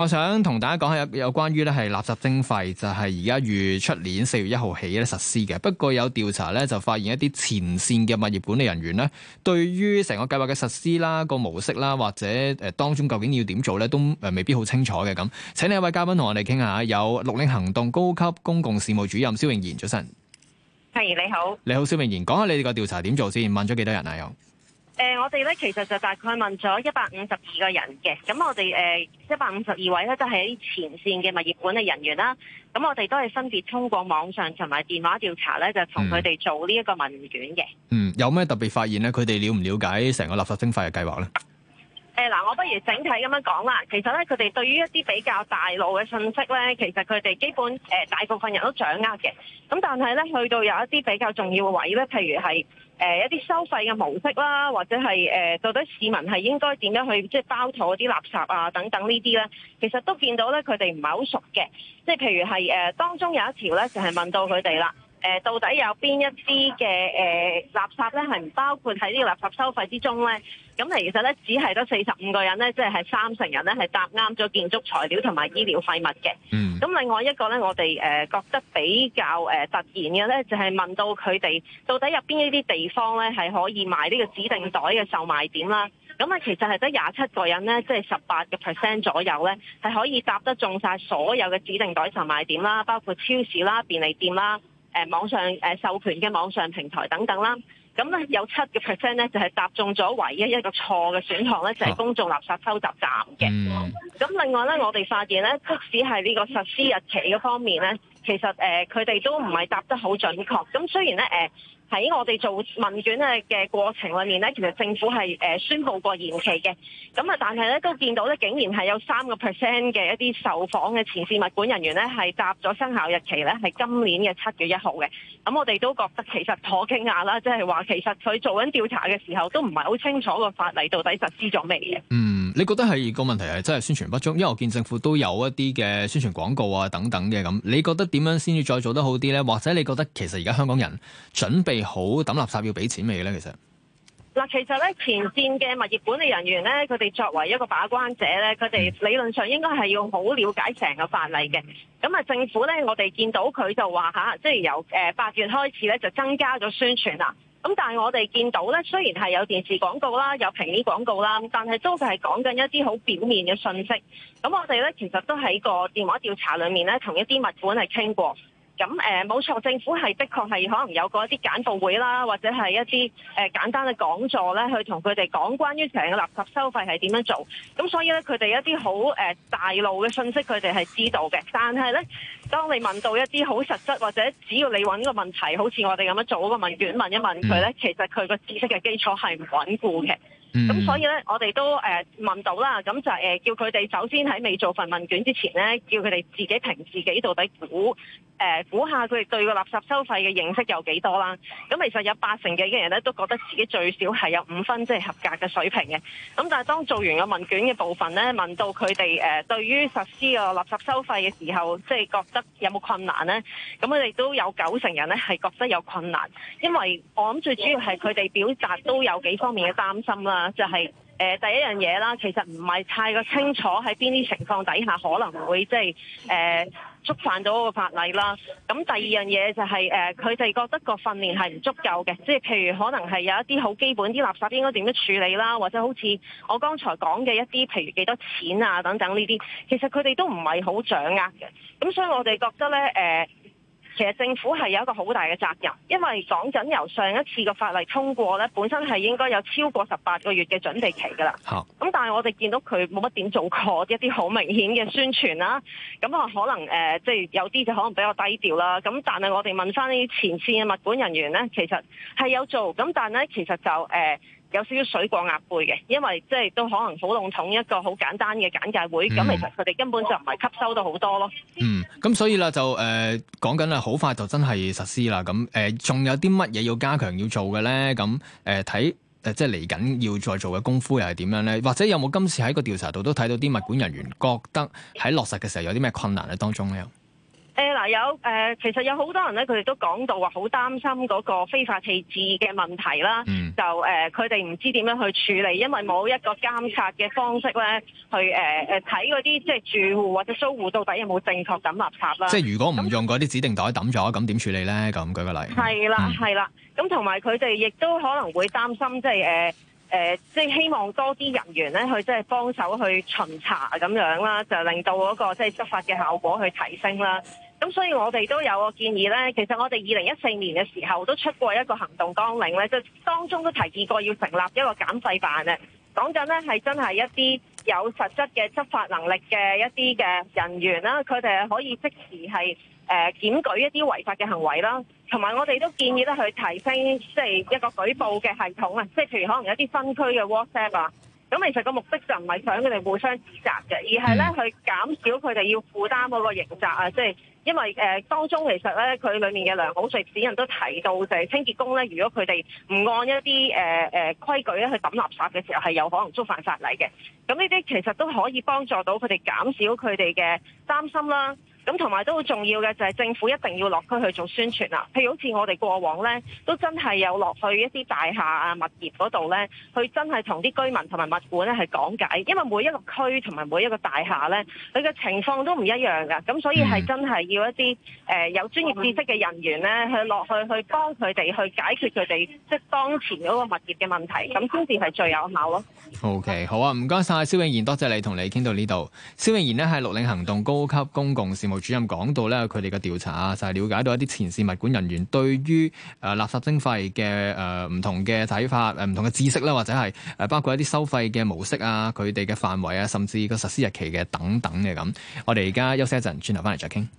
我想同大家講下有有關於咧係垃圾徵費，就係而家預出年四月一號起咧實施嘅。不過有調查咧就發現一啲前線嘅物業管理人員咧，對於成個計劃嘅實施啦、個模式啦，或者誒當中究竟要點做咧，都誒未必好清楚嘅。咁，請你一位嘉賓同我哋傾下，有綠領行動高級公共事務主任蕭頴妍，早晨。係你好，你好，蕭頴妍，講下你哋個調查點做先，問咗幾多人啊？有誒、呃，我哋咧其實就大概問咗一百五十二個人嘅，咁我哋誒一百五十二位咧都係一啲前線嘅物業管理人員啦。咁我哋都係分別通過網上同埋電話調查咧，就同佢哋做呢一個問卷嘅。嗯，有咩特別發現咧？佢哋了唔了解成個垃圾徵費嘅計劃咧？嗱，我不如整體咁樣講啦。其實咧，佢哋對於一啲比較大路嘅信息咧，其實佢哋基本誒、呃、大部分人都掌握嘅。咁但係咧，去到有一啲比較重要嘅位咧，譬如係誒、呃、一啲收費嘅模式啦，或者係誒、呃、到底市民係應該點樣去即係包妥啲垃圾啊等等呢啲咧，其實都見到咧，佢哋唔係好熟嘅。即係譬如係誒、呃、當中有一條咧，就係、是、問到佢哋啦。誒，到底有邊一啲嘅誒垃圾咧，係唔包括喺呢個垃圾收費之中咧？咁其實咧，只係得四十五個人咧，即係係三成人咧，係答啱咗建築材料同埋醫療廢物嘅。咁、嗯、另外一個咧，我哋誒覺得比較誒突然嘅咧，就係、是、問到佢哋到底入邊呢啲地方咧，係可以買呢個指定袋嘅售賣點啦。咁啊，其實係得廿七個人咧，即係十八個 percent 左右咧，係可以答得中晒所有嘅指定袋售賣點啦，包括超市啦、便利店啦。誒網上誒、呃、授權嘅網上平台等等啦，咁咧有七個 percent 咧就係、是、答中咗唯一一個錯嘅選項咧，就係、是、公眾垃圾收集站嘅。咁、嗯、另外咧，我哋發現咧，即使係呢個實施日期嗰方面咧，其實誒佢哋都唔係答得好準確。咁雖然咧誒。呃喺我哋做問卷嘅嘅過程裏面呢，其實政府係誒宣布過延期嘅，咁啊，但係呢，都見到咧，竟然係有三個 percent 嘅一啲受訪嘅前線物管人員呢，係答咗生效日期呢，係今年嘅七月一號嘅，咁我哋都覺得其實頗驚訝啦，即係話其實佢做緊調查嘅時候都唔係好清楚個法例到底實施咗未嘅。嗯。你覺得係個問題係真係宣傳不足，因為我見政府都有一啲嘅宣傳廣告啊等等嘅咁。你覺得點樣先至再做得好啲呢？或者你覺得其實而家香港人準備好抌垃圾要俾錢未呢？其實嗱，其實咧前線嘅物業管理人員咧，佢哋作為一個把關者咧，佢哋理論上應該係要好了解成個法例嘅。咁啊，政府咧，我哋見到佢就話吓，即係由誒八月開始咧，就增加咗宣傳啦。咁但係我哋見到呢，雖然係有電視廣告啦，有平面廣告啦，但係都係講緊一啲好表面嘅信息。咁我哋呢，其實都喺個電話調查裏面呢，同一啲物管係傾過。咁誒冇錯，政府係的確係可能有過一啲簡報會啦，或者係一啲誒、呃、簡單嘅講座咧，去同佢哋講關於成個垃圾收費係點樣做。咁所以咧，佢哋一啲好誒大路嘅信息，佢哋係知道嘅。但係咧，當你問到一啲好實質，或者只要你搵個問題，好似我哋咁樣做個問卷問一問佢咧，其實佢個知識嘅基礎係唔穩固嘅。咁、mm hmm. 所以咧，我哋都誒、呃、問到啦，咁、嗯、就係、是、誒、呃、叫佢哋首先喺未做份問卷之前咧，叫佢哋自己評自己到底估誒估下佢哋對個垃圾收費嘅認識有幾多啦。咁、啊、其實有八成幾嘅人咧都覺得自己最少係有五分即係、就是、合格嘅水平嘅。咁、啊、但係當做完個問卷嘅部分咧，問到佢哋誒對於實施個垃圾收費嘅時候，即、就、係、是、覺得有冇困難咧？咁佢哋都有九成人咧係覺得有困難，因為我諗最主要係佢哋表達都有幾方面嘅擔心啦。啊就係、是、誒、呃、第一樣嘢啦，其實唔係太過清楚喺邊啲情況底下可能會即係誒觸犯到個法例啦。咁、嗯、第二樣嘢就係誒佢哋覺得個訓練係唔足夠嘅，即、就、係、是、譬如可能係有一啲好基本啲垃圾應該點樣處理啦，或者好似我剛才講嘅一啲譬如幾多錢啊等等呢啲，其實佢哋都唔係好掌握嘅。咁所以我哋覺得咧誒。呃其實政府係有一個好大嘅責任，因為講緊由上一次個法例通過呢，本身係應該有超過十八個月嘅準備期㗎啦。咁好但係我哋見到佢冇乜點做過一啲好明顯嘅宣傳啦。咁啊，可能誒，即係，呃，即係有啲就可能比較低調啦。咁但係我哋問翻呢啲前線嘅物管人員呢，其實係有做，咁但係呢，其實就誒。呃有少少水過鴨背嘅，因為即係都可能好籠統一個好簡單嘅簡介會，咁、嗯、其實佢哋根本就唔係吸收到好多咯。嗯，咁所以啦，就誒講緊啦，好快就真係實施啦。咁誒，仲、呃、有啲乜嘢要加強要做嘅咧？咁誒睇誒，即係嚟緊要再做嘅功夫又係點樣咧？或者有冇今次喺個調查度都睇到啲物管人員覺得喺落實嘅時候有啲咩困難咧？當中咧？嗱有誒，其實有好多人咧，佢哋都講到話好擔心嗰個非法棄置嘅問題啦。嗯、就誒，佢哋唔知點樣去處理，因為冇一個監察嘅方式咧，去誒誒睇嗰啲即係住戶或者租戶到底有冇正確抌垃圾啦。即係如果唔用嗰啲指定袋抌咗，咁點、嗯、處理咧？咁舉個例。係啦，係啦。咁同埋佢哋亦都可能會擔心，即係誒誒，即、呃、係、呃即係、希望多啲人員咧去即係幫手去巡查咁樣啦，就令到嗰、嗰個即係、即係、執法嘅效果去提升啦。咁所以我哋都有個建議呢。其實我哋二零一四年嘅時候都出過一個行動綱領咧，就當中都提議過要成立一個減廢辦啊。講緊呢係真係一啲有實質嘅執法能力嘅一啲嘅人員啦，佢哋係可以即時係誒、呃、檢舉一啲違法嘅行為啦。同埋我哋都建議咧去提升即係一個舉報嘅系統啊，即係譬如可能一啲分區嘅 WhatsApp 啊。咁其實個目的就唔係想佢哋互相指責嘅，而係咧去減少佢哋要負擔嗰個刑責啊！即係因為誒呃當中其實咧佢裡面嘅良好稅指引都提到，就係清潔工咧，如果佢哋唔按一啲誒誒規矩咧去抌垃圾嘅時候，係有可能觸犯法例嘅。咁呢啲其實都可以幫助到佢哋減少佢哋嘅擔心啦。咁同埋都好重要嘅就係、是、政府一定要落區去做宣傳啊，譬如好似我哋過往咧，都真係有落去一啲大廈啊、物業嗰度咧，去真係同啲居民同埋物管咧係講解，因為每一個區同埋每一個大廈咧，佢嘅情況都唔一樣噶，咁所以係真係要一啲誒、呃、有專業知識嘅人員咧，去落去去幫佢哋去解決佢哋即係當前嗰個物業嘅問題，咁先至係最有效咯。O、okay, K，好啊，唔該晒，蕭頴妍多謝你同你傾到呢度。蕭頴妍咧係綠領行動高級公共蕭主任講到咧，佢哋嘅調查就係、是、了解到一啲前線物管人員對於誒、呃、垃圾徵費嘅誒唔同嘅睇法，誒、呃、唔同嘅知識啦，或者係誒、呃、包括一啲收費嘅模式啊，佢哋嘅範圍啊，甚至個實施日期嘅等等嘅咁。我哋而家休息一陣，轉頭翻嚟再傾。